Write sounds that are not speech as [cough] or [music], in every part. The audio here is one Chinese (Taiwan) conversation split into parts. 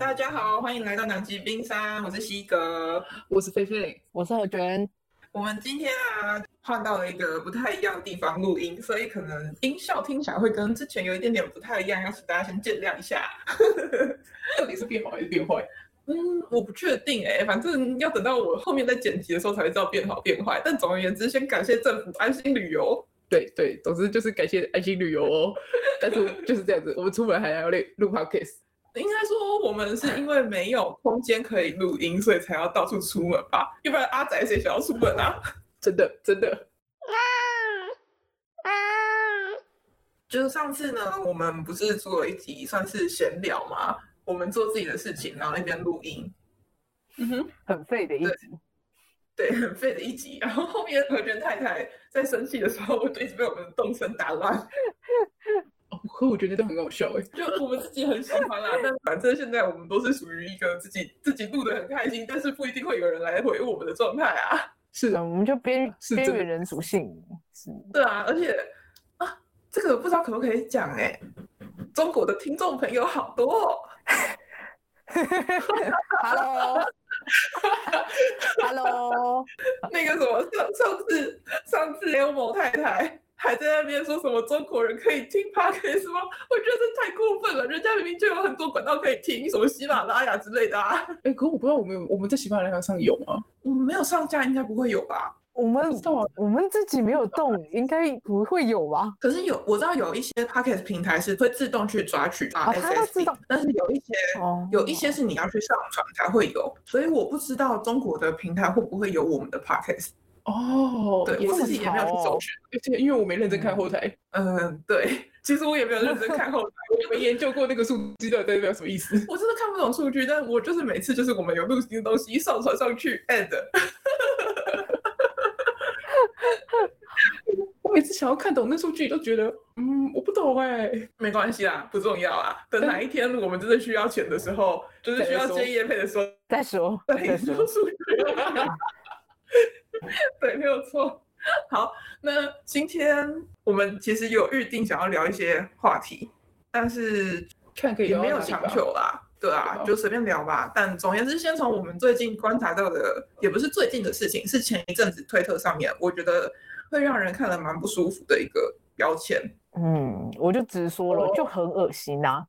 大家好，歡迎來到南極冰山。我是西格，我是菲菲，我是何娟。我們今天啊換到了一個不太一樣的地方錄音，所以可能音效聽起來會跟之前有一點點不太一樣，要請大家先見諒一下。 [laughs] 到底是變好還是變壞？嗯，我不確定哎、欸，反正要等到我後面在剪輯的時候才會知道變好變壞。但總而言之，先感謝政府安心旅遊。對對，總之就是感謝安心旅遊哦。 [laughs] 但是就是這樣子，我們出門還要錄 podcast，應該。我們是因為沒有空間可以錄音，所以才要到處出門吧？要不然阿宅誰想要出門啊？真的真的。真的就是上次呢，我們不是做了一集算是閒聊嘛？我們做自己的事情，然後一邊錄音。嗯哼，很廢的一集。對，對，很廢的一集。然後後面何娟太太在生氣的時候，就一直被我們的動聲打亂。我覺得都很搞、欸、笑哎，就我們自己很喜歡啦、啊。 [laughs] 但反正現在我們都是屬於一個自己 [laughs] 自己錄的很開心，但是不一定會有人來回我們的狀態啊。 [laughs] 是，是的，我們就邊緣邊緣人屬性。是。對啊，而且啊，這個不知道可不可以講哎、欸，中國的聽眾朋友好多。Hello。Hello。那個什麼，上上次上次有某太太。還在那邊說什麼中國人可以聽 Podcast 嗎？我覺得這太過分了，人家明明就有很多管道可以聽，什麼喜馬拉雅之類的啊。欸、可是我不知道我們有，我們在喜馬拉雅上有嗎？我們沒有上架，應該不會有吧？我們我們自己沒有動，應該不會有吧？可是有，我知道有一些 Podcast 平台是會自動去抓取 Podcast，啊、但是有一些，哦、有一些是你要去上傳才會有，所以我不知道中國的平台會不會有我們的 Podcast。哦，對，我自己也沒有去搜尋，而且因為我沒認真看後台，嗯，對，其實我也沒有認真看後台，我沒研究過那個數據到底代表什麼意思。我真的看不懂數據，但我就是每次就是我們有更新的東西一上傳上去，and，我每次想要看懂那數據都覺得，嗯，我不懂哎。沒關係啦，不重要啦。等哪一天我們真的需要錢的時候，就是需要接業配的時候再說，再說數據。 [laughs] 對，沒有錯。好，那今天我們其實有預定想要聊一些話題，但是看也沒有強求啦，對啊，對吧就隨便聊吧。但總而言之，先從我們最近觀察到的，也不是最近的事情，是前一陣子推特上面，我覺得會讓人看了蠻不舒服的一個標籤。嗯，我就直說了，哦、就很惡心啊。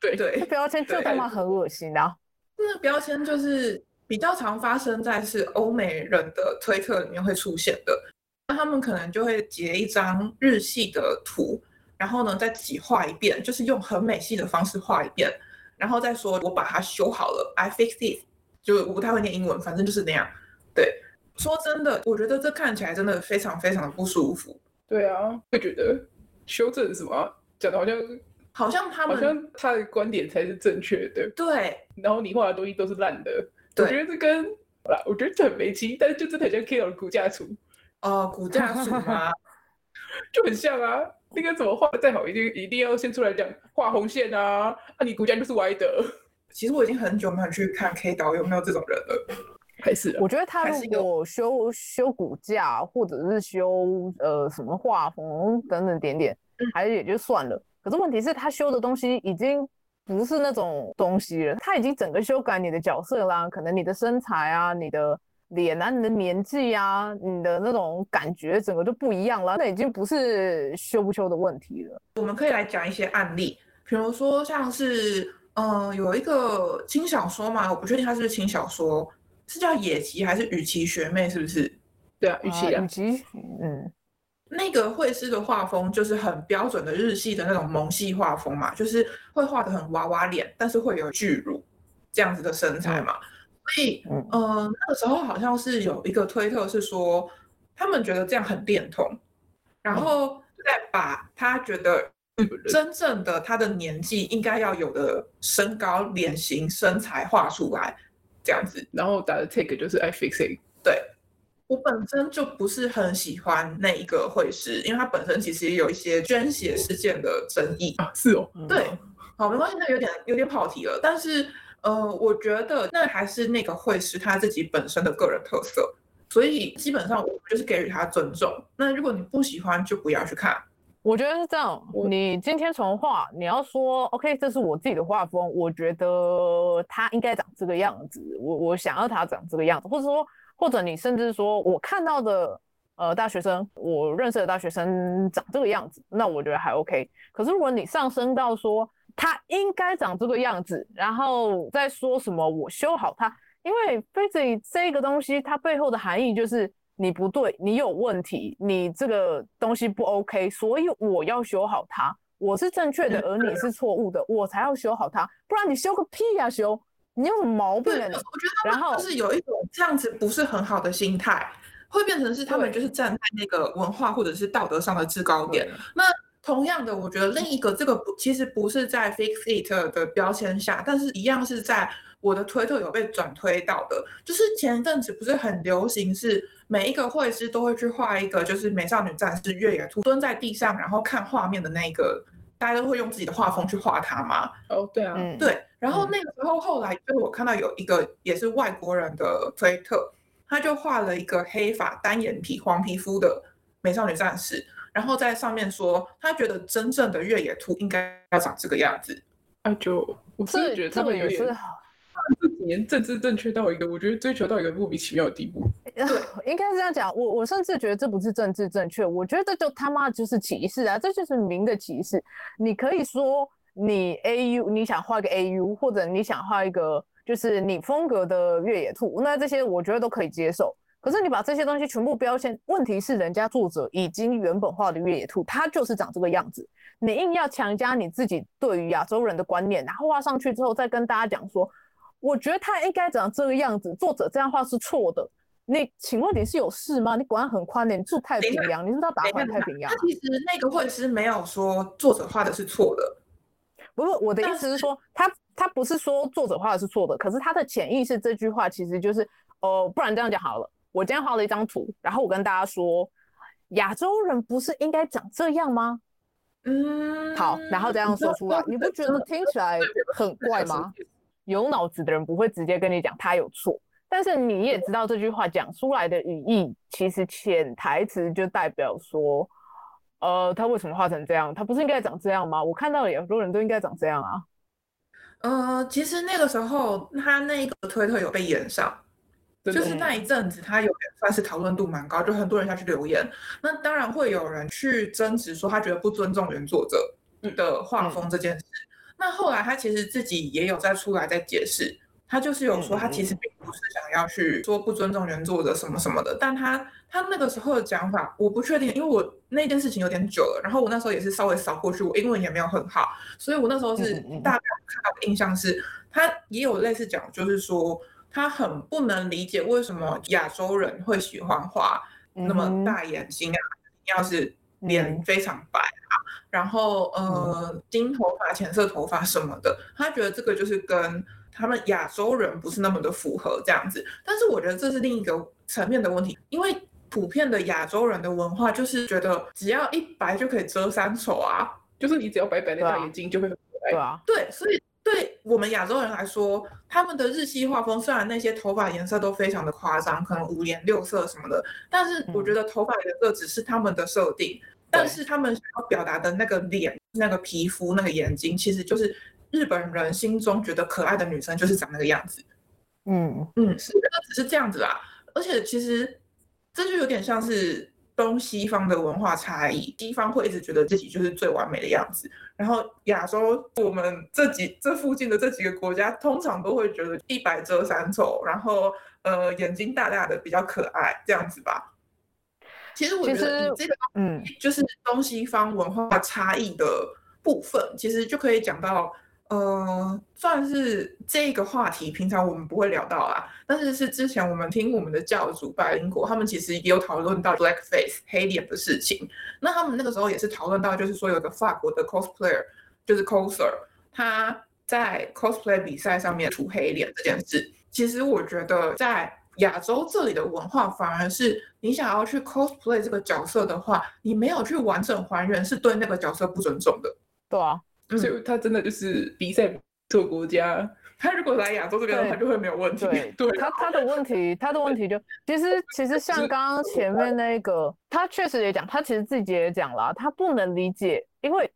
對 [laughs] 對，標籤就他媽很惡心啊。那個標籤就是。比較常發生在是歐美人的推特裡面會出現的，那他們可能就會截一張日系的圖，然後呢再自己畫一遍，就是用很美系的方式畫一遍，然後再說我把它修好了，I fixed it，就我不太會念英文，反正就是那樣。對，說真的，我覺得這看起來真的非常非常的不舒服。對啊，會覺得修正什麼？講的好像好像他們好像他的觀點才是正確的，對，然後你畫的東西都是爛的。對我覺得這跟……好了，我覺得這很沒勁，但是就真的很像 K 導的骨架圖。啊、呃，骨架圖嗎？ [laughs] 就很像啊！那個怎麼畫再好，一定一定要先出來講畫紅線啊！那、啊、你骨架就是歪的。其實我已經很久沒有去看 K 導有沒有這種人了。還是，我覺得他如果修修骨架，或者是修呃什麼畫風等等點點，嗯、還是也就算了。可是問題是，他修的東西已經……不是那種東西了，它已經整個修改你的角色啦，可能你的身材啊、你的臉啊，你的年紀啊，你的那種感覺，整個都不一樣了。那已經不是修不修的問題了。我們可以來講一些案例，比如說像是，嗯、呃，有一個輕小說嘛，我不確定它是不是輕小說，是叫野崎還是雨綺學妹，是不是？對啊，雨綺啊，雨綺、呃、嗯。那個繪師的畫風就是很標準的日系的那種萌系畫風嘛，就是會畫的很娃娃臉，但是會有巨乳這樣子的身材嘛。所以，嗯，呃、那個時候好像是有一個推特是說，他們覺得這樣很戀童，然後再把他覺得、嗯嗯、真正的他的年紀應該要有的身高、臉型、身材畫出來這樣子，然後打的 tag 就是 I fixed it，對。我本身就不是很喜歡那一個繪師，因為他本身其實也有一些捐血事件的爭議、嗯、啊。是哦，嗯、哦對，好，沒關係，那有點有點跑題了。但是，呃，我覺得那還是那個繪師他自己本身的個人特色，所以基本上我就是給予他尊重。那如果你不喜歡，就不要去看。我覺得是這樣。你今天從畫你要說我，OK，這是我自己的畫風，我覺得他應該長這個樣子，我我想要他長這個樣子，或者說。或者你甚至說，我看到的呃大學生，我認識的大學生長這個樣子，那我覺得還 OK。可是如果你上升到說他應該長這個樣子，然後再說什麼我修好他，因為 fix it 這個東西它背後的含義就是你不對，你有問題，你這個東西不 OK，所以我要修好它，我是正確的，而你是錯誤的，我才要修好它，不然你修個屁呀、啊、修！你有毛病？我覺得他們就是有一種這樣子不是很好的心態，然後，會變成是他們就是站在那個文化或者是道德上的制高點。那同樣的，我覺得另一個這個其實不是在 fix it 的標籤下，嗯、但是一樣是在我的 Twitter 有被轉推到的，就是前一陣子不是很流行，是每一個繪師都會去畫一個就是美少女戰士月野兔，蹲在地上然後看畫面的那個。大家都會用自己的畫風去畫它嘛？哦，oh, 對啊，對。嗯、然後那個時候，嗯、後來就是我看到有一個也是外國人的推特，他就畫了一個黑髮、單眼皮、黃皮膚的美少女戰士，然後在上面說，他覺得真正的月野兔應該要長這個樣子。哎就，就我真的覺得他們有點。連政治正確到一個，我覺得追求到一個莫名其妙的地步。對，應該是這樣講。我我甚至覺得這不是政治正確，我覺得這就他媽就是歧視啊！這就是名的歧視。你可以說你 AU，你想畫個 AU，或者你想畫一個就是你風格的越野兔，那這些我覺得都可以接受。可是你把這些東西全部標籤，問題是人家作者已經原本畫的越野兔，它就是長這個樣子。你硬要強加你自己對於亞洲人的觀念，然後畫上去之後，再跟大家講說。我覺得他應該長這個樣子，作者這樣畫是錯的。你請問你是有事嗎？你管很寬的，你住太平洋，你是要打太平洋？其實那個繪師沒有說作者畫的是錯的。不是，我的意思是說，是他他不是說作者畫的是錯的，可是他的潛意識這句話其實就是，哦、呃，不然這樣就好了。我今天畫了一張圖，然後我跟大家說，亞洲人不是應該長這樣嗎？嗯，好，然後這樣說出來，嗯、你不覺得聽起來很怪嗎？有腦子的人不會直接跟你講他有錯，但是你也知道這句話講出來的語義，嗯、其實潛台詞就代表說，呃，他為什麼畫成這樣？他不是應該長這樣嗎？我看到有很多人都應該長這樣啊。呃，其實那個時候他那一個推特有被炎上，對對對，就是那一陣子他有算是討論度蠻高，就很多人下去留言。那當然會有人去爭執說他覺得不尊重原作者的畫風這件事。嗯那後來他其實自己也有再出來再解釋，他就是有說他其實並不是想要去說不尊重原作者什麼什麼的，但他他那個時候的講法我不確定，因為我那件事情有點久了，然後我那時候也是稍微掃過去，我英文也沒有很好，所以我那時候是大概看到印象是他也有類似講，就是說他很不能理解為什麼亞洲人會喜歡畫那麼大眼睛啊，要是。臉非常白啊，嗯、然後呃，嗯、金頭髮、淺色頭髮什麼的，他覺得這個就是跟他們亞洲人不是那麼的符合這樣子。但是我覺得這是另一個層面的問題，因為普遍的亞洲人的文化就是覺得只要一白就可以遮三醜啊，嗯、就是你只要白白那大眼睛就會很白，對啊對，所以對我們亞洲人來說，他們的日系畫風雖然那些頭髮顏色都非常的誇張，嗯、可能五顏六色什麼的，但是我覺得頭髮顏色只是他們的設定。嗯嗯但是他們想要表達的那個臉、那個皮膚那個眼睛，其實就是日本人心中覺得可愛的女生就是長那個樣子。嗯嗯，是，只是這樣子啦。而且其實這就有點像是東西方的文化差異，西方會一直覺得自己就是最完美的樣子，然後亞洲我們這幾這附近的這幾個國家，通常都會覺得一白遮三醜，然後呃眼睛，大大的比較可愛這樣子吧。其實我覺得這個嗯，就是東西方文化差異的部分，其實，嗯、其實就可以講到，呃，算是這個話題，平常我們不會聊到啊，但是是之前我們聽我們的教主百靈果，他們其實也有討論到 blackface 黑臉的事情。那他們那個時候也是討論到，就是說有個法國的 cosplayer，就是 coser，他在 cosplay 比賽上面塗黑臉這件事，其實我覺得在。亞洲這裡的文化反而是你想要去 cosplay 這個角色的話，你沒有去完整還原，是對那個角色不尊重的。對啊，嗯、所以他真的就是比賽這個國家，他如果來亞洲這邊，對他就會沒有問題。對、對吧他他的問題，他的問題就會其實其實像剛剛前面那個，他確實也講，他其實自己也講了、啊，他不能理解，因為。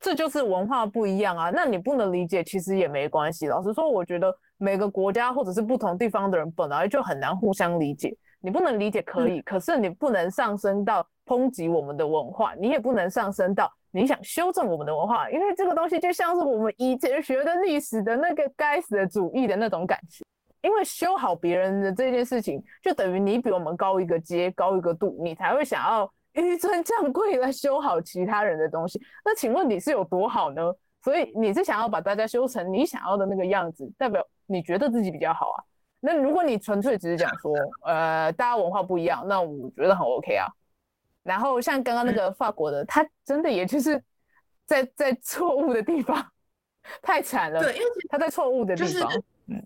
這就是文化不一樣啊，那你不能理解，其實也沒關係。老實說，我覺得每個國家或者是不同地方的人本來就很難互相理解。你不能理解可以，嗯、可是你不能上升到抨擊我們的文化，你也不能上升到你想修正我們的文化，因為這個東西就像是我們以前學的歷史的那個該死的主義的那種感覺。因為修好別人的這件事情，就等於你比我們高一個階、高一個度，你才會想要。紆尊降貴來修好其他人的東西，那請問你是有多好呢？所以你是想要把大家修成你想要的那個樣子，代表你覺得自己比較好啊？那如果你純粹只是講說，呃，大家文化不一樣，那我覺得很 OK 啊。然後像剛剛那個法國的，嗯、他真的也就是在在錯誤的地方，太慘了。對，就是、他在錯誤的地方，歐、就是嗯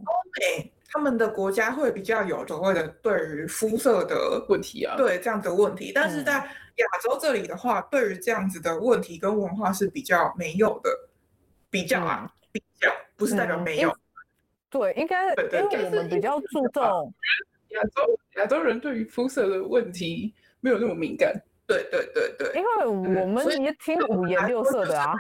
他們的國家會比較有所謂的對於膚色的問題啊，對這樣的問題，嗯、但是在亞洲這裡的話，嗯、對於這樣子的問題跟文化是比較沒有的，比較啊，嗯、比較不是代表沒有、嗯，對，應該因為我們比較注重亞洲，亞洲人對於膚色的問題沒有那麼敏感，對對對對，對，因為我們也挺五顏六色的啊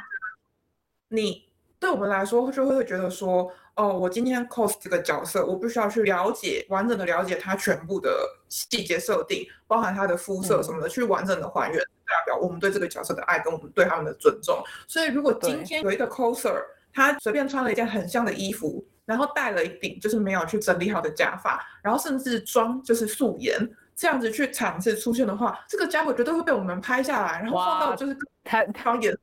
對，就是，你對我們來說就會覺得說，哦，我今天 cos 這個角色，我必須要去了解完整的了解他全部的細節設定，包含他的膚色什麼的，嗯、去完整的還原，代表我們對這個角色的愛跟我們對他們的尊重。所以如果今天有一個 coser，對他隨便穿了一件很像的衣服，然後戴了一頂就是沒有去整理好的假髮，然後甚至妝就是素顏這樣子去場次出現的話，這個傢伙絕對會被我們拍下來，然後放到就是他他演。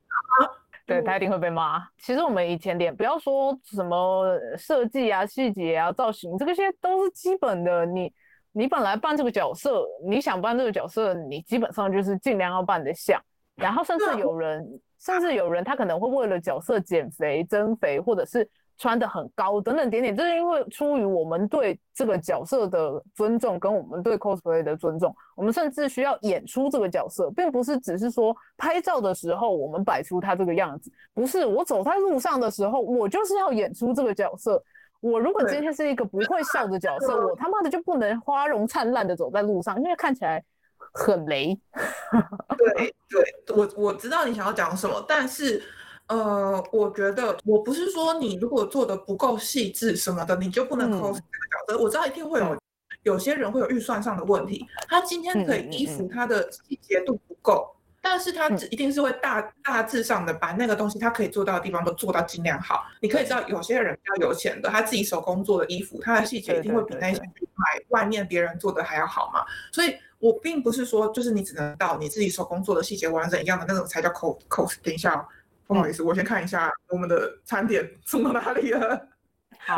對，他一定會被罵。其實我們以前點不要說什麼設計啊、細節啊、造型，這個些都是基本的。你你本來扮這個角色，你想扮這個角色，你基本上就是盡量要扮得像。然後甚至有人， [laughs] 甚至有人他可能會為了角色減肥、增肥，或者是。穿得很高、等等點點。這、就是因為出於我們對這個角色的尊重，跟我們對 cosplay 的尊重，我們甚至需要演出這個角色，並不是只是說拍照的時候我們擺出他這個樣子，不是我走在路上的時候，我就是要演出這個角色。我如果今天是一個不會笑的角色，對我他媽的就不能花容燦爛的走在路上，因為看起來很雷。 [laughs] 對，對我我知道你想要講什麼，但是。呃，我覺得我不是說你如果做的不夠細緻什麼的，你就不能 cos、嗯、這個角色。我知道一定會有有些人會有預算上的問題，他今天可以衣服他的細節度不夠，嗯嗯、但是他一定是會大大致上的把那個東西他可以做到的地方都做到盡量好。嗯、你可以知道有些人比較有錢的，他自己手工做的衣服，他的細節一定會比那些、嗯、買、嗯、外面別人做的還要好嘛。所以我並不是說就是你只能到你自己手工做的細節完整一樣的那種才叫 cos。等一下、哦。不好意思，我先看一下我們的餐點送到哪裡了。 [laughs] 好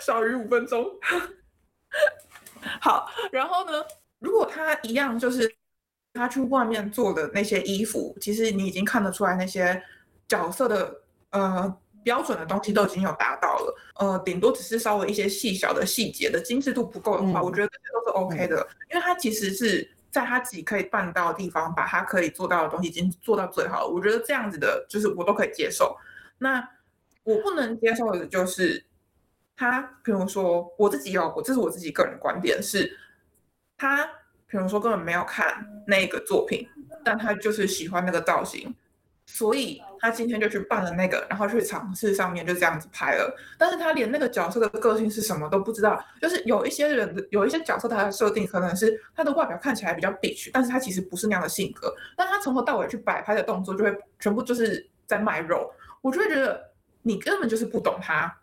少、啊、 [laughs] 小於五分鐘。 [laughs] 好，然後呢？如果他一樣，就是他去外面做的那些衣服，其實你已經看得出來那些角色的呃標準的東西都已經有達到了。呃，頂多只是稍微一些細小的細節的精緻度不夠的話，我覺得這都是 OK 的，嗯、因為他其實是，在他自己可以辦到的地方，把他可以做到的東西已經做到最好了。我覺得這樣子的，就是我都可以接受。那我不能接受的，就是他，比如說我自己有過，這是我自己個人觀點是，他比如說根本沒有看那個作品，但他就是喜歡那個造型。所以他今天就去辦了那個，然後去嘗試上面就這樣子拍了。但是他連那個角色的個性是什麼都不知道。就是有一些人，有一些角色，他的設定可能是他的外表看起來比較 bitch，但是他其實不是那樣的性格。但他從頭到尾去擺拍的動作，就會全部就是在賣肉。我就會覺得你根本就是不懂他。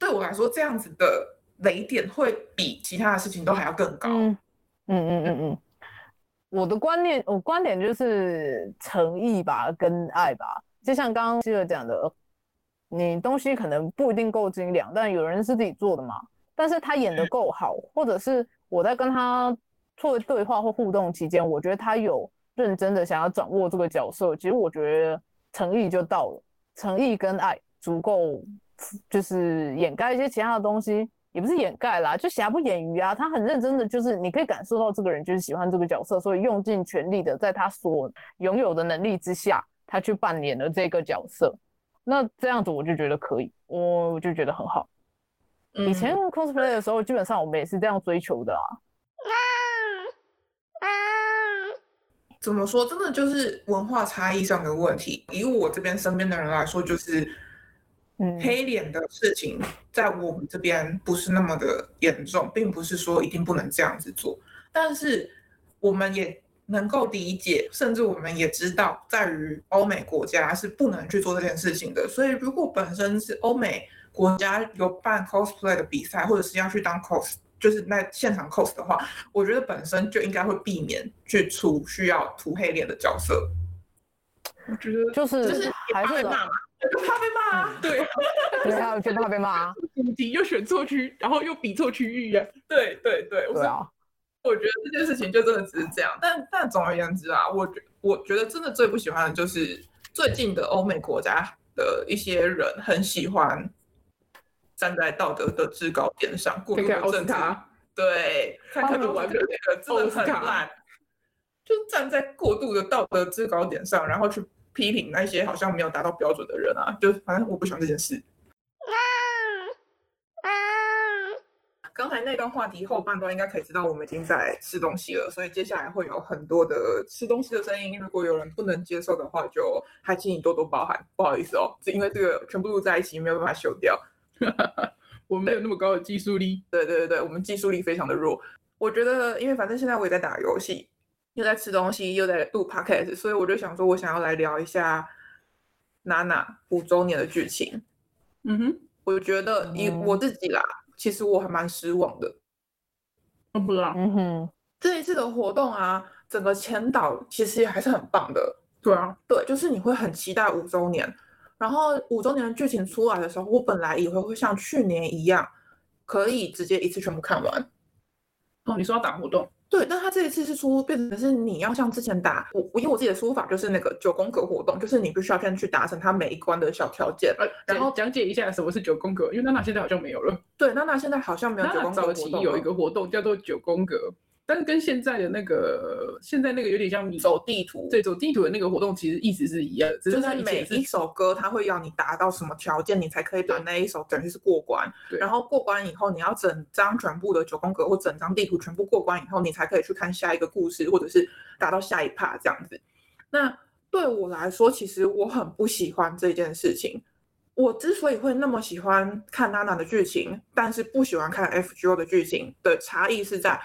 對我來說，這樣子的雷點會比其他的事情都還要更高。嗯嗯嗯嗯嗯。嗯嗯嗯嗯。我的觀念，我觀點就是誠意吧，跟愛吧。就像剛剛希爾講的，你東西可能不一定夠精良，但有人是自己做的嘛。但是他演得夠好，或者是我在跟他做對話或互動期間，我覺得他有認真的想要掌握這個角色。其實我覺得誠意就到了，誠意跟愛足夠，就是掩蓋一些其他的東西。也不是掩蓋啦，就瑕不掩瑜啊。他很認真的，就是你可以感受到這個人就是喜歡這個角色，所以用盡全力的在他所擁有的能力之下，他去扮演了這個角色。那這樣子我就覺得可以，我我就覺得很好。嗯，以前 cosplay 的時候，基本上我們也是這樣追求的啊。怎麼說？真的就是文化差異上的問題。以我這邊身邊的人來說，就是。黑臉的事情在我們這邊不是那麼的嚴重，並不是說一定不能這樣子做，但是我們也能夠理解，甚至我們也知道，在於歐美國家是不能去做這件事情的。所以，如果本身是歐美國家有辦 cosplay 的比賽，或者是要去當 cos，就是那現場 cos 的話，我覺得本身就應該會避免去出需要塗黑臉的角色。我覺得就是。還會罵，還會罵，對，對啊，覺得他被罵。你又選錯區，然後又比錯區域呀，對對對，對啊。我覺得這件事情就真的只是這樣，但但總而言之啊，我覺我覺得真的最不喜歡的就是最近的歐美國家的一些人很喜歡站在道德的制高點上過度審查他，對，他可能完全那個真的很爛，就站在過度的道德制高點上，然後去，批評那些好像沒有達到標準的人啊，就反正我不喜歡這件事。啊啊！剛才那段話題後半段應該可以知道，我們已經在吃東西了，所以接下來會有很多的吃東西的聲音。如果有人不能接受的話，就還請你多多包涵。不好意思哦，因為這個全部都在一起沒有辦法修掉。 [laughs] 我沒有那麼高的技術力。對對對對，我們技術力非常的弱。我覺得，因為反正現在我也在打遊戲。又在吃東西，又在錄 Podcast，所以我就想說，我想要來聊一下娜娜五週年的劇情。嗯哼，我就覺得以我自己啦，嗯、其實我還蠻失望的。嗯哼，這一次的活動啊，整個前導其實還是很棒的。對啊，對，就是你會很期待五週年，然後五週年的劇情出來的時候，我本來以為會像去年一樣，可以直接一次全部看完。哦，你說要打活動？對，那他這一次是出變成是你要像之前打我，我用我自己的說法就是那個九宮格活動，就是你必須要先去達成他每一關的小條件，然後講解一下什麼是九宮格，因為娜娜現在好像沒有了。對，娜娜現在好像沒有九宮格活動。娜娜早期有一個活動叫做九宮格。但是跟現在的那個，現在那個有點像你走地圖，對，走地圖的那個活動其實意思是一樣，只是，一是就在每一首歌它會要你達到什麼條件，你才可以把那一首等於是過關。對然後過關以後，你要整張全部的九宮格或整張地圖全部過關以後，你才可以去看下一個故事，或者是達到下一趴這樣子。那對我來說，其實我很不喜歡這件事情。我之所以會那麼喜歡看娜娜的劇情，但是不喜歡看 FGO 的劇情的差異是在。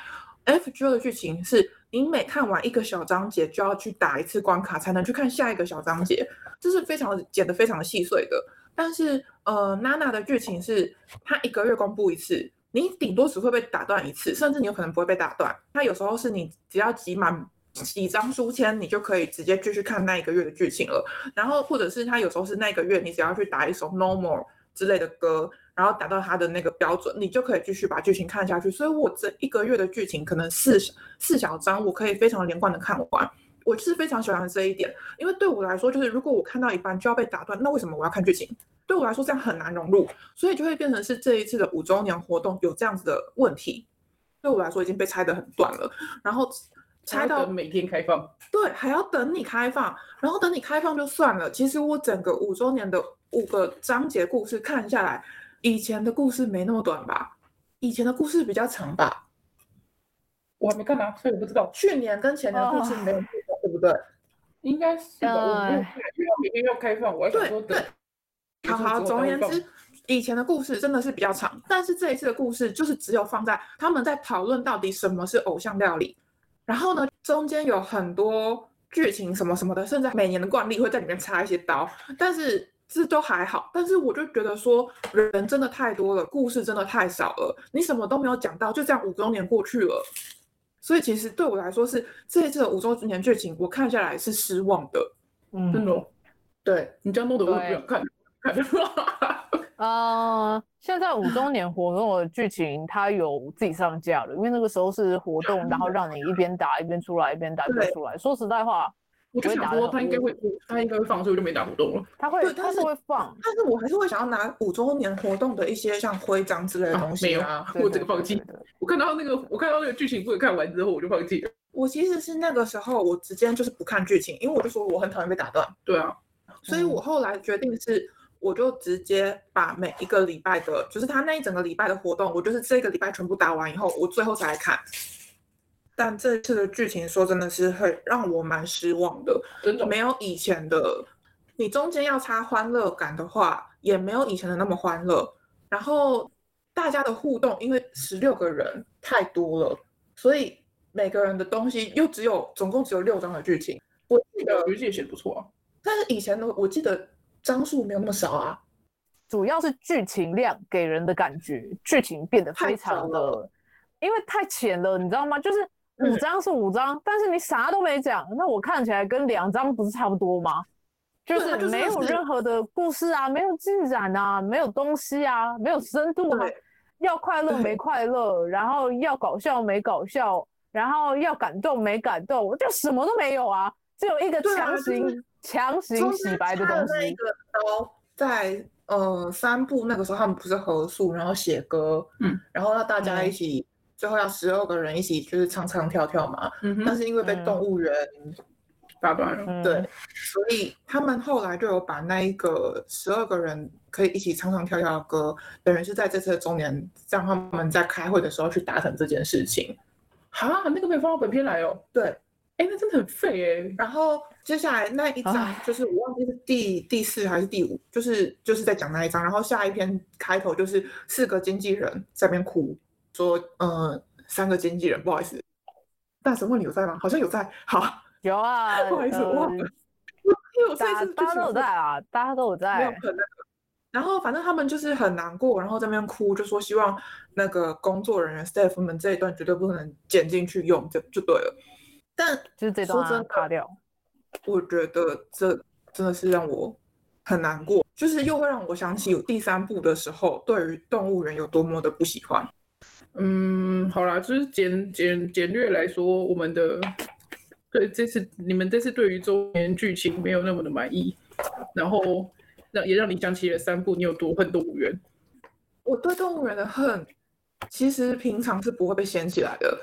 FJO 的劇情是，你每看完一個小章節就要去打一次關卡才能去看下一個小章節，這是非常剪得非常細碎的。但是，呃，娜娜的劇情是，它一個月公布一次，你頂多只會被打斷一次，甚至你有可能不會被打斷。它有時候是你只要擠滿幾張書籤，你就可以直接繼續看那一個月的劇情了。然後，或者是它有時候是那一個月你只要去打一首 Normal。之類的歌，然後達到它的那個標準，你就可以繼續把劇情看下去。所以我這一個月的劇情，可能四四小章，我可以非常連貫的看完。我就是非常喜歡這一點，因為對我來說，就是如果我看到一半就要被打斷，那為什麼我要看劇情？對我來說，這樣很難融入，所以就會變成是這一次的五周年活動有這樣子的問題。對我來說，已經被拆得很短了，然後拆到每天開放，對，還要等你開放，然後等你開放就算了。其實我整個五周年的。五個章節故事看下來，以前的故事沒那麼短吧？以前的故事比較長吧？我還沒看嘛、啊，所以我不知道。去年跟前年的故事沒有、oh. 對不對？應該是吧。因為裡面要開放，我想說對。對說好，好，總而言之，以前的故事真的是比較長，但是這一次的故事就是只有放在他們在討論到底什麼是偶像料理，然後呢，中間有很多劇情什麼什麼的，甚至每年的慣例會在裡面插一些刀，但是。這都還好，但是我就覺得說人真的太多了，故事真的太少了，你什麼都沒有講到，就這樣五周年過去了。所以其實對我來說是這一次的五周年劇情我看下來是失望的，嗯哼，真的，對你這樣弄得我不想看，哈哈了。呃， [laughs] uh, 現在五周年活動的劇情它有自己上架了，因為那個時候是活動，然後讓你一邊打一邊出來，一邊打一邊出來。對說實在話。我就想說，他應該會，他應該會放，所以我就沒打活動了。他會，是他是會放，但是我還是會想要拿五周年活動的一些像徽章之類的東西，啊啊。沒有啊，我這個放棄。我看到那個，我看到那個劇情部分看完之後，我就放棄了。我其實是那個時候，我直接就是不看劇情，因為我就說我很討厭被打斷。對啊，所以我後來決定是，我就直接把每一個禮拜的，就是他那一整個禮拜的活動，我就是這個禮拜全部打完以後，我最後才來看。但這次的劇情說真的是很讓我蠻失望的，真的沒有以前的。你中間要插歡樂感的話，也沒有以前的那麼歡樂。然後大家的互動，因為十六個人太多了，所以每個人的東西又只有總共只有六章的劇情。我記得，我覺得記也寫得不錯。但是以前的，我記得章數沒有那麼少啊。主要是劇情量給人的感覺，劇情變得太長了，了因為太淺了，你知道嗎？就是。五張是五張，對但是你啥都沒講，那我看起來跟兩張不是差不多嗎？就是沒有任何的故事啊，沒有進展啊，沒有東西啊，沒有深度啊，對要快樂沒快樂，對然後要搞笑沒搞笑，然後要感動沒感動，就什麼都沒有啊，只有一個強行強、啊就是、行洗白的東西。一個在呃三部那個時候他們不是合宿，然後寫歌，嗯，然後讓大家一起。最後要十二個人一起就是唱唱跳跳嘛，嗯、哼但是因為被動物園打斷了，嗯、對，嗯、所以他們後來就有把那一個十二個人可以一起唱唱跳跳的歌，等於是在這次的週年，讓他們在開會的時候去達成這件事情。好啊，那個沒有放到本片來哦、喔。對，哎、欸，那真的很廢哎、欸。然後接下來那一章，就是、啊、我忘記是第第四還是第五，就是就是在講那一章。然後下一篇開頭就是四個經紀人在那邊哭。說嗯、呃，三個經紀人，不好意思，大神問你有在嗎？好像有在，好有啊、哎，不好意思、嗯、我忘了，有在打，哎是是就是、大家都有在啊，大家都有在，沒有可能。然後反正他們就是很難過，然後在那邊哭，就說希望那個工作人員 staff 們這一段絕對不能剪進去用，就就對了。但就是這段、啊、卡掉，我覺得這真的是讓我很難過，就是又會讓我想起有第三部的時候，對於動物園有多麼的不喜歡。嗯，好啦，就是簡簡簡略來說，我們的對這次你們這次對於周年劇情沒有那麼的滿意，然後讓也讓你想起了三部你有多恨動物園？我對動物園的恨，其實平常是不會被掀起來的，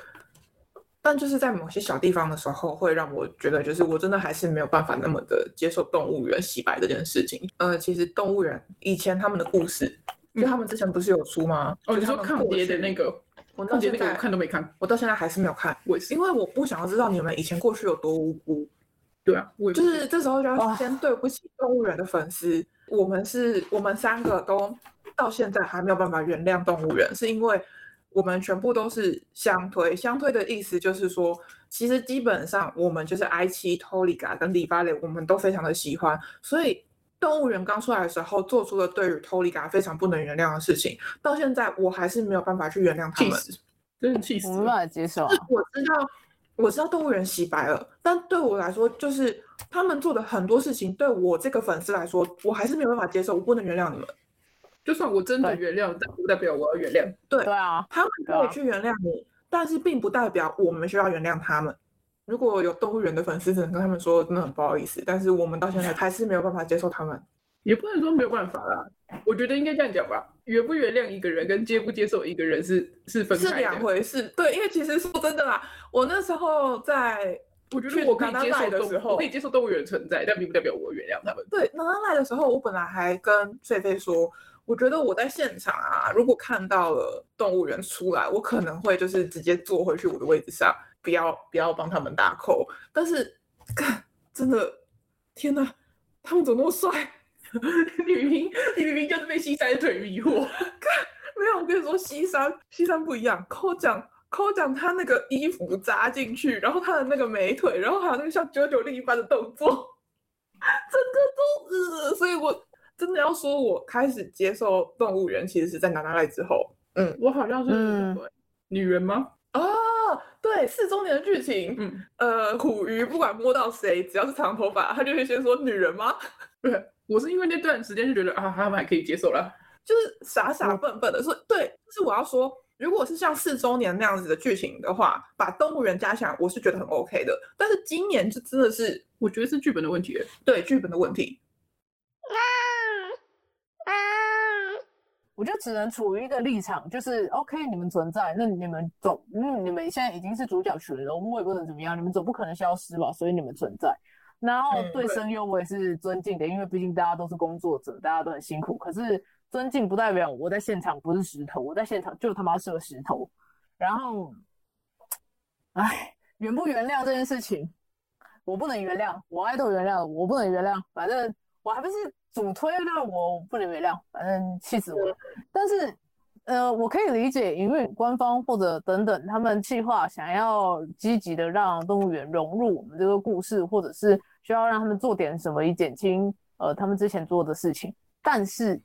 但就是在某些小地方的時候，會讓我覺得就是我真的還是沒有辦法那麼的接受動物園洗白這件事情。呃，其實動物園以前他們的故事。因為他們之前不是有出嗎？嗯、哦，你說抗跌的那個，我那現在，抗跌的那個我看都沒看，我到現在還是沒有看。我因為我不想要知道你們以前過去有多無辜。對啊，我就是這時候就要先對不起動物園的粉絲，哇我們是，我們三個都到現在還沒有辦法原諒動物園，是因為我們全部都是相推，相推的意思就是說，其實基本上我們就是 i 七、托里嘎跟李巴雷，我們都非常的喜歡，所以。動物園剛出來的時候，做出了對於 Toliga 非常不能原諒的事情，到現在我還是沒有辦法去原諒他們，真的氣死！沒辦法接受。 [laughs] 我知道，我知道動物園洗白了，但對我來說，就是他們做的很多事情，對我這個粉絲來說，我還是沒有辦法接受，我不能原諒你們。就算我真的原諒，對但不代表我要原諒。對對啊，他們可以去原諒你，啊、但是並不代表我們需要原諒他們。如果有動物園的粉絲，只能跟他們說，真的很不好意思。但是我們到現在還是沒有辦法接受他們， [laughs] 也不能說沒有辦法啦。我覺得應該這樣講吧，原不原諒一個人跟接不接受一個人是是分開的，是兩回事。對，因為其實說真的啦，我那時候在，我覺得我剛來的時候，的時候我可以接受動物園存在，但並不代表我原諒他們。對，那他來的時候，我本來還跟菲菲說，我覺得我在現場啊，如果看到了動物園出來，我可能會就是直接坐回去我的位置上。不要不要幫他們打 call，但是，看真的，天哪，他們怎麼那麼帥？ [laughs] 女兵，女兵就是被西山的腿迷惑。看，沒有，我跟你說，西山，西山不一樣。扣獎，扣獎，他那個衣服扎進去，然後他的那個美腿，然後還有那個像 JOJO 立一般的動作，整個都呃，所以我真的要說，我開始接受動物園，其實是在娜娜來之後。嗯，我好像是、嗯、對女人嗎？哦，對，四周年的劇情，嗯，呃，虎魚不管摸到誰，只要是長頭髮，他就會先說，女人嗎？不 [laughs] 是，我是因為那段時間就覺得啊，他們還可以接受了，就是傻傻笨笨的說，說對，就是我要說，如果是像四周年那樣子的劇情的話，把動物園加進來，我是覺得很 OK 的，但是今年就真的是，我覺得是劇本的問題，對，劇本的問題。我就只能處於一個立場，就是 OK，你們存在，那你們總，嗯，你們現在已經是主角群了，我們也不能怎麼樣，你們總不可能消失吧，所以你們存在。然後對聲優我也是尊敬的，嗯、因為畢竟大家都是工作者，大家都很辛苦。可是尊敬不代表我在現場不是石頭，我在現場就他媽是個石頭。然後，哎，原不原諒這件事情，我不能原諒，我愛豆原諒，我不能原諒，反正我還不是主推了，我不能原諒，反正氣死我了。但是，呃，我可以理解，營運官方或者等等，他們計劃想要積極的讓動物園融入我們這個故事，或者是需要讓他們做點什麼以減輕呃他們之前做的事情。但是，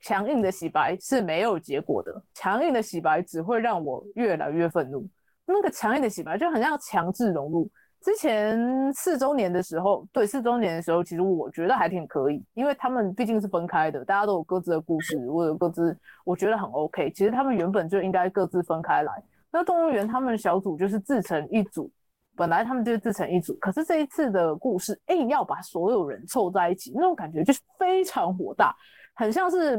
強硬的洗白是沒有結果的，強硬的洗白只會讓我越來越憤怒。那個強硬的洗白，就很像強制融入。之前四周年的時候，對，四周年的時候，其實我覺得還挺可以，因為他們畢竟是分開的，大家都有各自的故事，我有各自，我覺得很 OK。其實他們原本就應該各自分開來。那動物園他們小組就是自成一組，本來他們就是自成一組，可是這一次的故事硬、欸、要把所有人湊在一起，那種感覺就是非常火大，很像是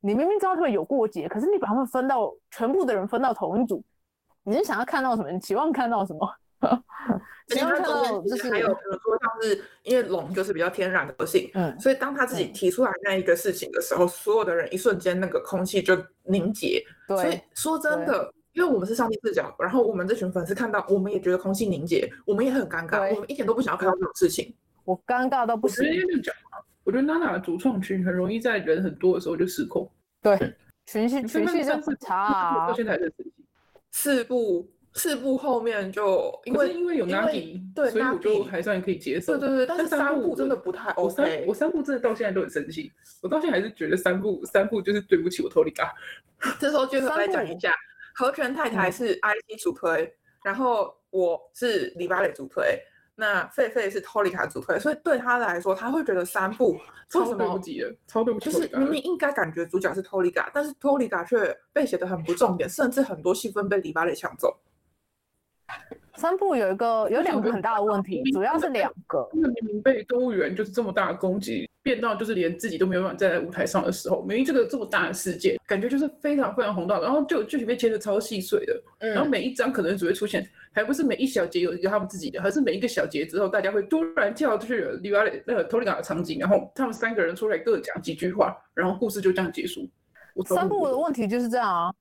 你明明知道他們有過節，可是你把他們分到，全部的人分到同一組，你是想要看到什麼？你期望看到什麼？其實其實還有，比如說像是因為龍就是比較天然個性，所以當他自己提出來那一個事情的時候，所有的人一瞬間那個空氣就凝結。對，所以說真的，因為我們是上帝視角，然後我們這群粉絲看到，我們也覺得空氣凝結，我們也很尷尬，我們一點都不想要看到這種事情。我尷尬到不行。我覺得娜娜的主創群很容易在人很多的時候就失控。對，群戲群戲真的是差啊！現在的事情四部。四部後面就因為因為有壓力，對，ati, 所以我就還算可以接受。對對對，但是三部真的不太、okay，哦，三我三部真的到現在都很生氣，我到現在還是覺得三部三部就是對不起我托里卡。 [laughs] 這時候就着來講一下，和步泉太太是 IT 主推，嗯、然後我是里巴雷主推，嗯、那狒狒是托里卡主推，所以對他來說，他會覺得三部超對不起的，超對不起，就是明明應該感覺主角是托里卡，但是托里卡卻被寫得很不重點， [laughs] 甚至很多戲份被里巴雷搶走。三部有一個有兩個很大的問題，主要是兩個。因為明明被公務員就是這麼大的攻擊，變到就是連自己都沒有辦法站在舞台上的時候，明明這個這麼大的事件，感覺就是非常非常宏大，然後就就劇情被切的超細碎的，然後每一章可能只會出現，還不是每一小節有一個他們自己的，還是每一個小節之後，大家會突然跳去里瓦雷，那個托里崗的場景，然後他們三個人出來各講幾句話，然後故事就這樣結束。三部的問題就是這樣啊。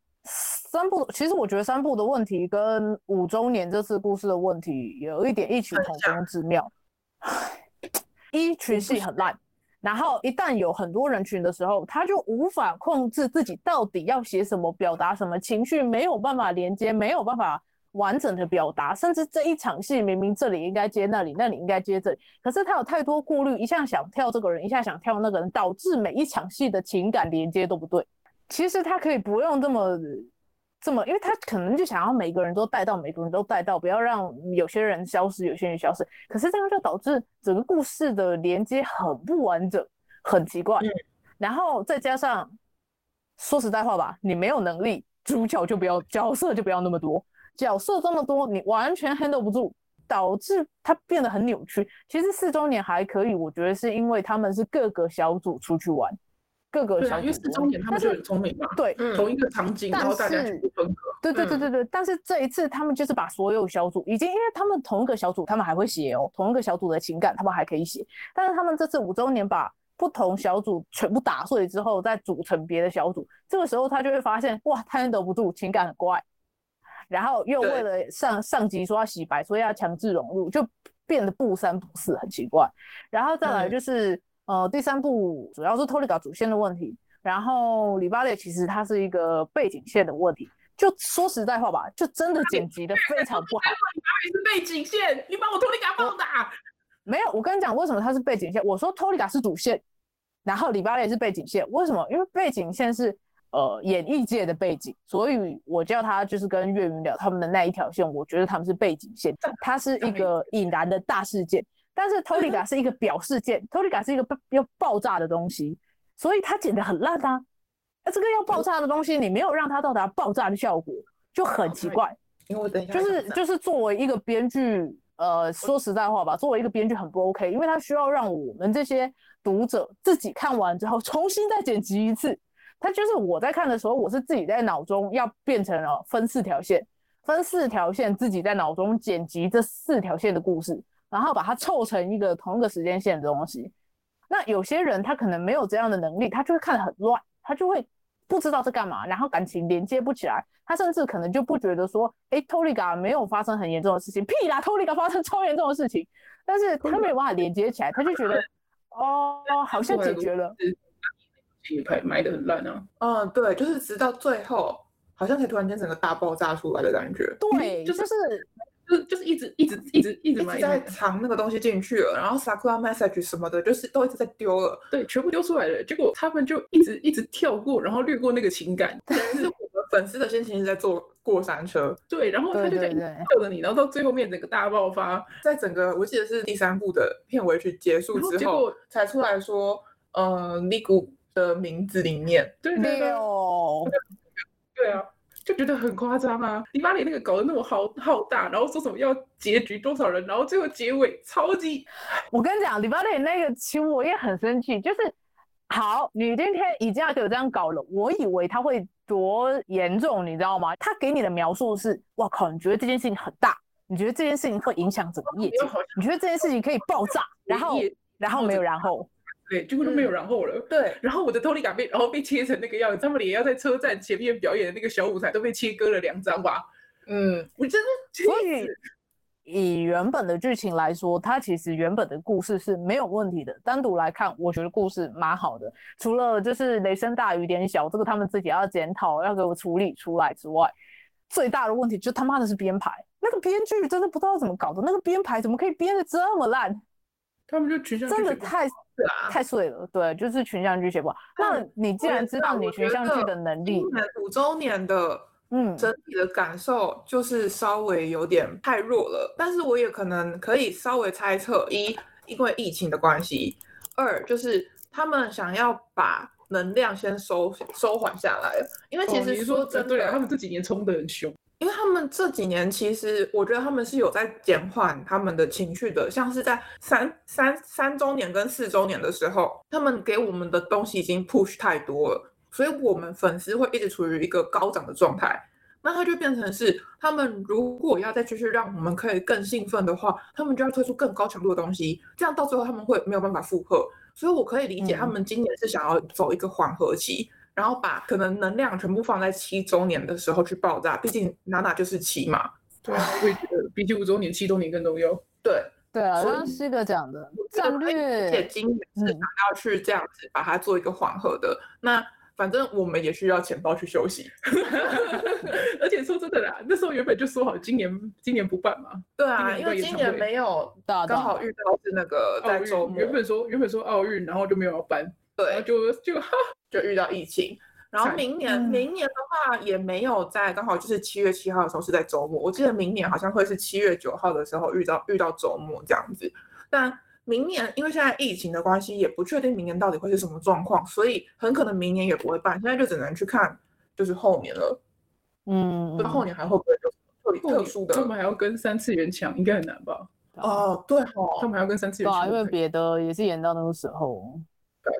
三部其實我覺得三部的問題跟五周年這次故事的問題有一點異曲同工之妙，像 [laughs] 一群戲很爛，然後一旦有很多人群的時候，他就無法控制自己到底要寫什麼、表達什麼情緒，沒有辦法連接，沒有辦法完整的表達，甚至這一場戲明明這裡應該接那裡，那裡應該接這裡，可是他有太多顧慮，一下想跳這個人，一下想跳那個人，導致每一場戲的情感連接都不對。其實他可以不用這麼。這麼，因為他可能就想要每個人都帶到，每個人都帶到，不要讓有些人消失，有些人消失。可是這樣就導致整個故事的連接很不完整，很奇怪。嗯。然後再加上，說實在話吧，你沒有能力，主角就不要，角色就不要那麼多。角色這麼多，你完全 handle 不住，導致它變得很扭曲。其實四周年還可以，我覺得是因為他們是各個小組出去玩。各個小組對、啊，因為四周年他們就很聰明嘛，是對，嗯、同一個場景是然後大家風格，對對對對對。嗯、但是這一次他們就是把所有小組已經，嗯、因為他們同一個小組他們還會寫哦，同一個小組的情感他們還可以寫。但是他們這次五周年把不同小組全部打碎之後再組成別的小組，這個時候他就會發現哇，他黏得不住，情感很怪。然後又為了上對上級說要洗白，所以要強制融入，就變得不三不四，很奇怪。然後再來就是。嗯呃，第三部主要是托里達主線的問題，然後里巴列其實它是一個背景線的問題。就說實在話吧，就真的剪輯的非常不好。你哪、啊、里巴列是背景線？你把我托里達放大。沒有，我跟你講，為什麼它是背景線？我說托里達是主線，然後里巴列是背景線。為什麼？因為背景線是呃演藝界的背景，所以我叫他就是跟岳雲聊他們的那一條線，我覺得他們是背景線，它、嗯、是一個引燃的大事件。但是 t o l i a 是一個表事件 [laughs] t o l i a 是一個要爆炸的東西，所以它剪得很爛啊。那這個要爆炸的東西，你沒有讓它到達爆炸的效果，就很奇怪。因為等一下，就是就是作為一個編劇，呃，說實在話吧，作為一個編劇很不 OK，因為他需要讓我們這些讀者自己看完之後重新再剪輯一次。他就是我在看的時候，我是自己在腦中要變成了分四條線，分四條線自己在腦中剪輯這四條線的故事。然後把它湊成一個同一個時間線的東西。那有些人他可能沒有這樣的能力，他就會看得很亂，他就會不知道是幹嘛，然後感情連接不起來。他甚至可能就不覺得說，哎、嗯，托利港沒有發生很嚴重的事情，屁啦，托利港發生超嚴重的事情，但是他沒有辦法連接起來，他就覺得，嗯、哦，好像解決了。品牌賣的很爛啊。嗯，對，就是直到最後，好像才突然間整個大爆炸出來的感覺。對，就是。就就是一直一直一直一直在藏那個東西進去了，嗯、然後 sakura message 什麼的，就是都一直在丟了，對，全部丟出來了。結果他們就一直一直跳過，然後略過那個情感，就 [laughs] 是我們粉絲的心情是在坐過山車。對，然後他就在逗着你，然後到最後面整個大爆發，對對對，在整個我記得是第三部的片尾曲結束之後，結果才出來說，嗯、呃，尼古的名字裡面，對對哦有，對啊。就覺得很誇張啊！你把你那個搞得那麼好好大，然後說什麼要結局多少人，然後最後結尾超級……我跟你講，你把你那個其實我也很生氣，就是好，你今天已經要給我這樣搞了，我以為他會多嚴重，你知道嗎？他給你的描述是：哇靠，你覺得這件事情很大，你覺得這件事情會影響整個業績，你覺得這件事情可以爆炸，啊、然後也然後沒有整然後。對，幾乎都沒有然後了。嗯、對，然後我的托利卡被，然後被切成那個樣子，他們連要在車站前面表演的那個小舞台都被切割了兩張吧。嗯，我真的。所以以原本的劇情來說，它其實原本的故事是沒有問題的。單獨來看，我覺得故事蠻好的，除了就是雷聲大雨點小，這個他們自己要檢討，要給我處理出來之外，最大的問題就他媽的是編排，那個編劇真的不知道怎麼搞的，那個編排怎麼可以編得這麼爛？他們就取真的太。啊、太碎了，對，就是群像劇寫不好。但那你既然知道你群像劇的，的能力，今年五周年的嗯整體的感受就是稍微有點太弱了。但是我也可能可以稍微猜測：一，因為疫情的關係；二，就是他們想要把能量先收收緩下來。因為其實你說真的、哦，對啊，他們這幾年沖得很凶。因為他們這幾年，其實我覺得他們是有在減緩他們的情緒的，像是在三三三周年跟四周年的時候，他們給我們的東西已經 push 太多了，所以我們粉絲會一直處於一個高漲的狀態。那他就變成是，他們如果要再繼續讓我們可以更興奮的話，他們就要推出更高強度的東西，這樣到最後他們會沒有辦法負荷。所以我可以理解，他們今年是想要走一個緩和期。嗯然後把可能能量全部放在七周年的時候去爆炸，畢竟娜娜就是七嘛。對， [laughs] 我會覺得比起五周年，七周年更重要。對對啊，就以像西哥講的戰略，而且今年是想要去這樣子把它做一個緩和的。嗯、那反正我們也需要錢包去休息。 [laughs] [laughs] [laughs] 而且說真的啦，那時候原本就說好今年今年不辦嘛。對啊，因為今年沒有打到剛好遇到是那個在奧運，嗯、原本說原本說奧運，然後就沒有要辦。對，就就就遇到疫情， [laughs] 然後明年、嗯、明年的話也沒有在，剛好就是七月七號的時候是在周末。我記得明年好像會是七月九號的時候遇到遇到周末這樣子。但明年因為現在疫情的關係，也不確定明年到底會是什麼狀況，所以很可能明年也不會辦。現在就只能去看，就是後年了。嗯，不、嗯、後年還會不會有特別特殊的他們還要跟三次元搶，應該很難吧？對哦，對哦，他們還要跟三次元搶，啊，因為別的也是延到那個時候。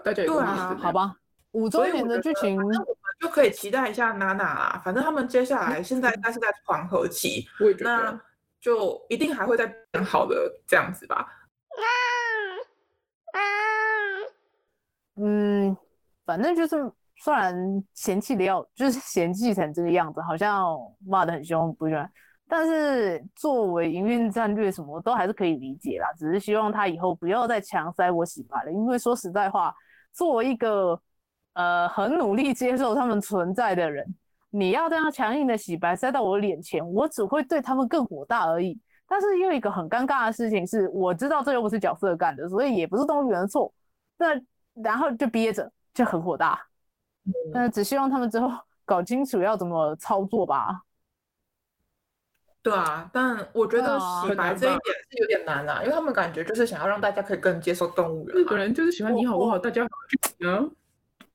對啊，對對好吧，五週年的劇情，我，我們就可以期待一下娜娜啦。反正他們接下來現在應該、嗯、是在緩和期，我也覺得那就一定還會再很好的這樣子吧。嗯，反正就是雖然嫌棄的要，就是嫌棄成這個樣子，好像罵得很兇，不喜歡。但是作為營運戰略，什麼都還是可以理解啦，只是希望他以後不要再強塞我洗白了。因為說實在話，作為一個呃很努力接受他們存在的人，你要這樣強硬的洗白塞到我臉前，我只會對他們更火大而已。但是因為一個很尷尬的事情是，我知道這又不是角色幹的，所以也不是動物園的錯。那然後就憋着，就很火大。那只希望他們之後搞清楚要怎麼操作吧。對啊，但我覺得洗白這一點是有點難啊，啊因為他們感覺就是想要讓大家可以更接受動物園、啊。日本人就是喜歡你好我，我好大家好，嗯，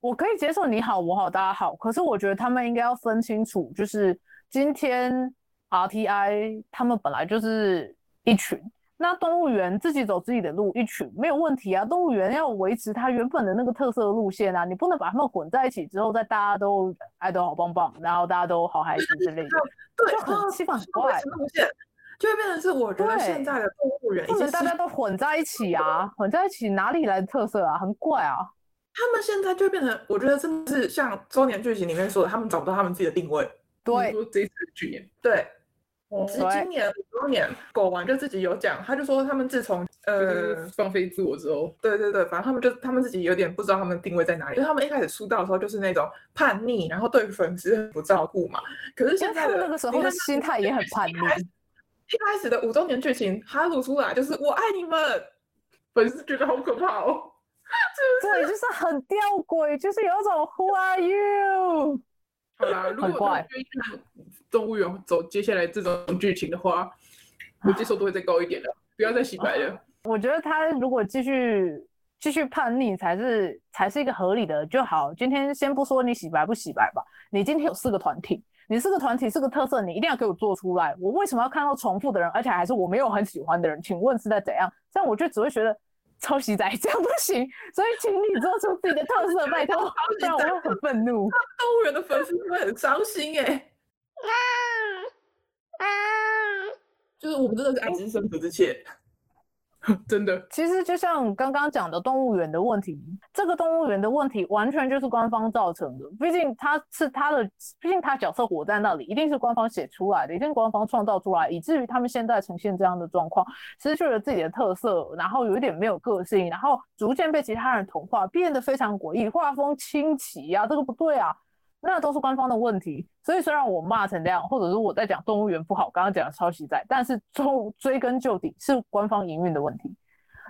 我可以接受你好我好大家好，可是我覺得他們應該要分清楚，就是今天 R T I 他們本來就是一群，那動物園自己走自己的路，一群沒有問題啊。動物園要維持它原本的那個特色路線啊，你不能把他們混在一起之後，再大家都愛都好棒棒，然後大家都好孩子之類的。 [laughs] 對，就很奇、哦、怪、哦，為什麼不是？就會變成是我覺得現在的動物園，他們大家都混在一起啊，對混在一起哪裡來的特色啊？很怪啊！他們現在就變成，我覺得真的是像周年劇情裡面說的，他們找不到他們自己的定位，對，比如說這次的去年，對。哦、今年五周、哦、年狗丸就自己有講，他就說他們自從呃放飛自我之後，對對對，反正他們就他們自己有點不知道他們定位在哪裡，因、就、為、是、他們一開始出道的時候就是那種叛逆，然後對粉絲很不照顧嘛。可是現在的那個時候的他們心態也很叛逆一。一開始的五周年劇情哈魯出來就是我愛你們，粉絲覺得好可怕哦，是是對，就是很吊詭，就是有一種 Who are you？ [laughs] 好啦，如果。動物園走接下來這種劇情的話，我接受度會再高一點的。啊、不要再洗白了。我覺得他如果繼續繼續叛逆，才是才是一個合理的就好。今天先不說你洗白不洗白吧。你今天有四個團體，你四個團體四個特色，你一定要給我做出來。我為什麼要看到重複的人，而且還是我沒有很喜歡的人？請問是在怎樣？這樣我就只會覺得抄襲仔這樣不行。所以請你做出自己的特色拜託， [laughs] 讓我會很憤怒。 [laughs] 動物園的粉絲會很傷心哎、欸。啊啊！啊就是我們真的是愛之深，責之切，真的。其實就像剛剛講的動物園的問題，這個動物園的問題完全就是官方造成的。畢竟它是它的，畢竟它角色活在那裡，一定是官方寫出來的，一定官方創造出來，以至於他們現在呈現這樣的狀況，失去了自己的特色，然後有一點沒有個性，然後逐漸被其他人同化，變得非常詭異，畫風清奇啊，這個不對啊。那都是官方的問題，所以雖然我罵成這樣，或者是我在講動物園不好，剛剛講的抄襲仔，但是終追根究底是官方營運的問題，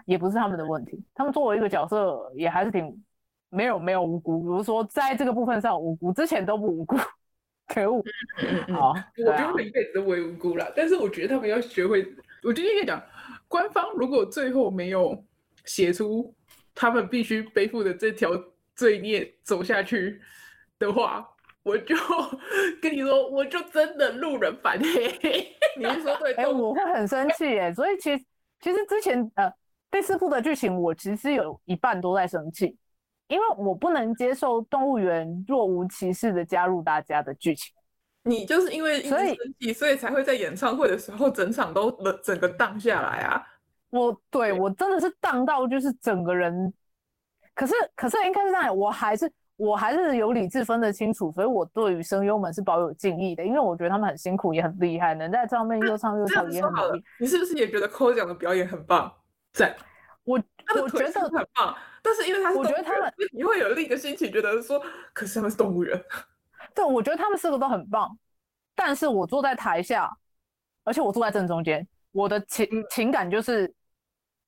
也不是他們的問題。他們作為一個角色，也還是挺沒有沒有無辜。比如說在這個部分上無辜，之前都不無辜，可惡。嗯、好，啊、我覺得一輩子都為無辜了。但是我覺得他們要學會，我覺得應該講，官方如果最後沒有寫出他們必須背負的這條罪孽走下去的話，我就跟你說，我就真的路人反黑。 [laughs] 你是說對動物？哎、欸，我會很生氣耶。所以其實，其實之前呃，第四部的劇情，我其實有一半都在生氣，因為我不能接受動物園若無其事的加入大家的劇情。你就是因為所以生氣，所以，所以才會在演唱會的時候，整場都冷整個盪下來啊。我對，對我真的是盪到就是整個人。可是可是應該是這樣，我還是。我還是有理智分得清楚，所以我對於聲優們是保有敬意的，因為我覺得他們很辛苦，也很厲害，能在上面又唱又跳也很努力，啊。你是不是也覺得柯獎的表演很棒？對，我他的腿很棒，但是因為他我覺得他們，你會有另一個心情，覺得說，可是他們是動物人。對，我覺得他們四個都很棒，但是我坐在台下，而且我坐在正中間，我的情、嗯、情感就是。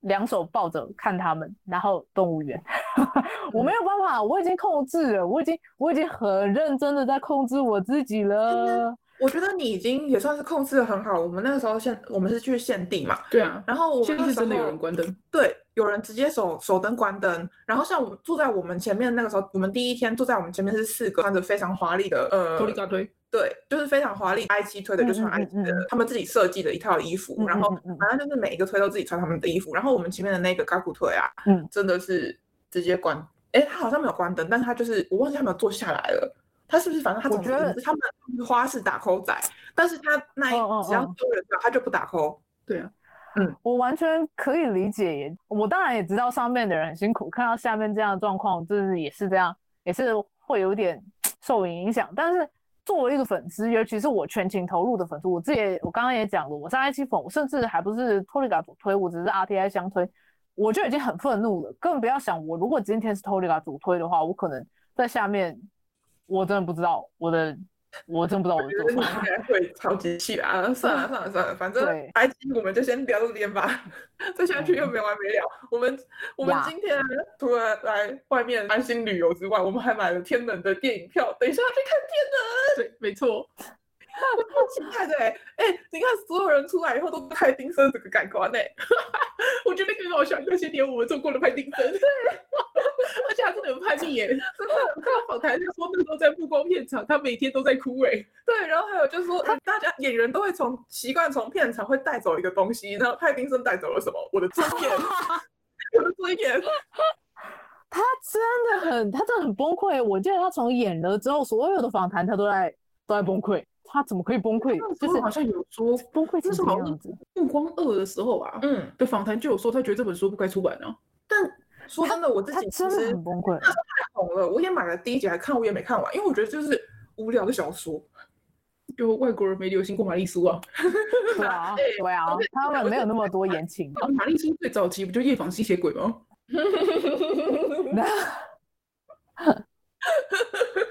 兩手抱着看他們，然後動物園， [laughs] 我沒有辦法，嗯、我已經控制了，我已經，我已經很認真的在控制我自己了。嗯、我覺得你已經也算是控制的很好了。我們那個時候限，我們是去限定嘛？對啊。然後限定是真的有人關燈。對，有人直接手手燈關燈。然後像我們坐在我們前面那個時候，我們第一天坐在我們前面是四個穿着非常華麗的呃。對，就是非常華麗。I 七推的就穿 I 七的，嗯嗯嗯他們自己設計的一套衣服，嗯嗯嗯然後反正就是每一個推都自己穿他們的衣服。然後我們前面的那個高褲腿啊，嗯、真的是直接關。哎，他好像沒有關燈，但他就是我忘記他沒有坐下來了。他是不是反正他總覺得，我覺得是他們花式打 call 仔，但是他那一只要丟人掉，他就不打 call 哦哦哦。對啊，嗯，我完全可以理解。我當然也知道上面的人很辛苦，看到下面這樣的狀況，就是也是這樣，也是會有點受影,影響，但是。作為一個粉絲，尤其是我全情投入的粉絲，我自己也我剛剛也講了，我是 I 七粉，我甚至還不是托尼卡主推，我只是 R T I 相推，我就已經很憤怒了，更不要想我如果今天是托尼卡主推的話，我可能在下面，我真的不知道我的。我真不知道我們做啥，應該會超級氣啊！算了算了算了，反正對 i 我們就先聊到這邊吧，再下去又沒完沒了。 [laughs] 我們我們今天除了來外面安心旅遊之外，我們還買了天能的電影票，等一下去看天能。對，沒錯。好厲 [laughs] 的哎、欸！哎、欸，你看所有人出來以後都派汀森這個感官呢、欸， [laughs] 我覺得很好笑。那些年我們做過了派汀森，對 [laughs] 而且他真的拍戲也真的。在訪談就說那時候在布光片場，他每天都在哭哎、欸。對，然後還有就是說，他大家演員都會從習慣從片場會帶走一個東西，然後派汀森帶走了什麼？ [laughs] 我的尊嚴，我的尊嚴。他真的很，他真的很崩潰。我記得他從演了之後，所有的訪談他都在都在崩潰。 [laughs] 他怎麼可以崩潰？就是好像有說崩潰是什麼樣子。暮光二的時候啊，嗯的訪談就有說他覺得這本書不該出版呢、啊。但說真的，它我自己其實很崩潰。太好了，我也買了第一集來看，我也沒看完，因為我覺得就是無聊的小說。就外國人沒流行過瑪麗蘇啊。 [laughs] 對啊，對啊， [laughs] 他們沒有那麼多言情。瑪麗蘇最早期不就夜訪吸血鬼嗎？ [laughs] [laughs] [laughs]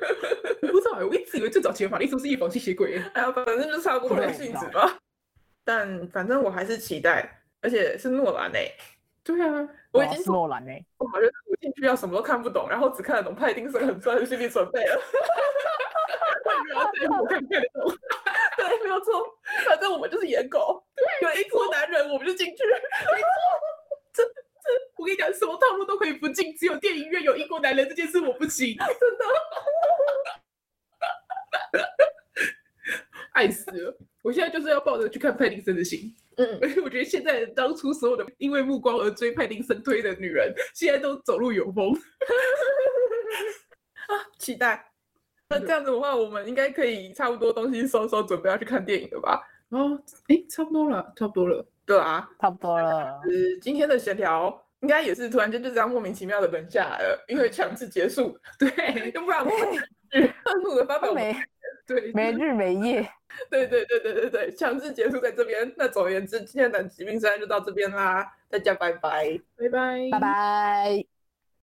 我一直以為最早期的法律是不是一幫吸血鬼，哎呀，反正就是差不多的性質吧。但反正我還是期待，而且是諾蘭哎。對啊，我已經諾蘭哎。我感覺我進去要什麼都看不懂，然後只看得懂他一定是很專業的心理準備了。哈哈哈哈哈哈！對，沒有錯，反正我們就是顏狗，有英國男人我們就進去。這這，我跟你講，什麼套路都可以不進，只有電影院有英國男人這件事我不行，真的。 [laughs] 愛死了！ [laughs] 我現在就是要抱着去看派汀森的心。嗯,嗯， [laughs] 我覺得現在當初所有的因為暮光而追派汀森推的女人，現在都走路有風。 [laughs] [laughs] 啊，期待！那這樣子的話，我們應該可以差不多東西收收，準備要去看電影了吧？哦，哎、欸，差不多了，差不多了，對啊，差不多了。呃， [laughs] 今天的閒聊應該也是突然間就這樣莫名其妙的冷下來了， [laughs] 因為強制結束，對，要不然。 [laughs] [laughs] 憤怒 [laughs] 的發對，沒日沒夜， [laughs] 對，對對對對對對，強制結束在這邊。那總而言之，今天的南極冰山就到這邊啦，大家拜拜，拜拜，拜拜。拜拜。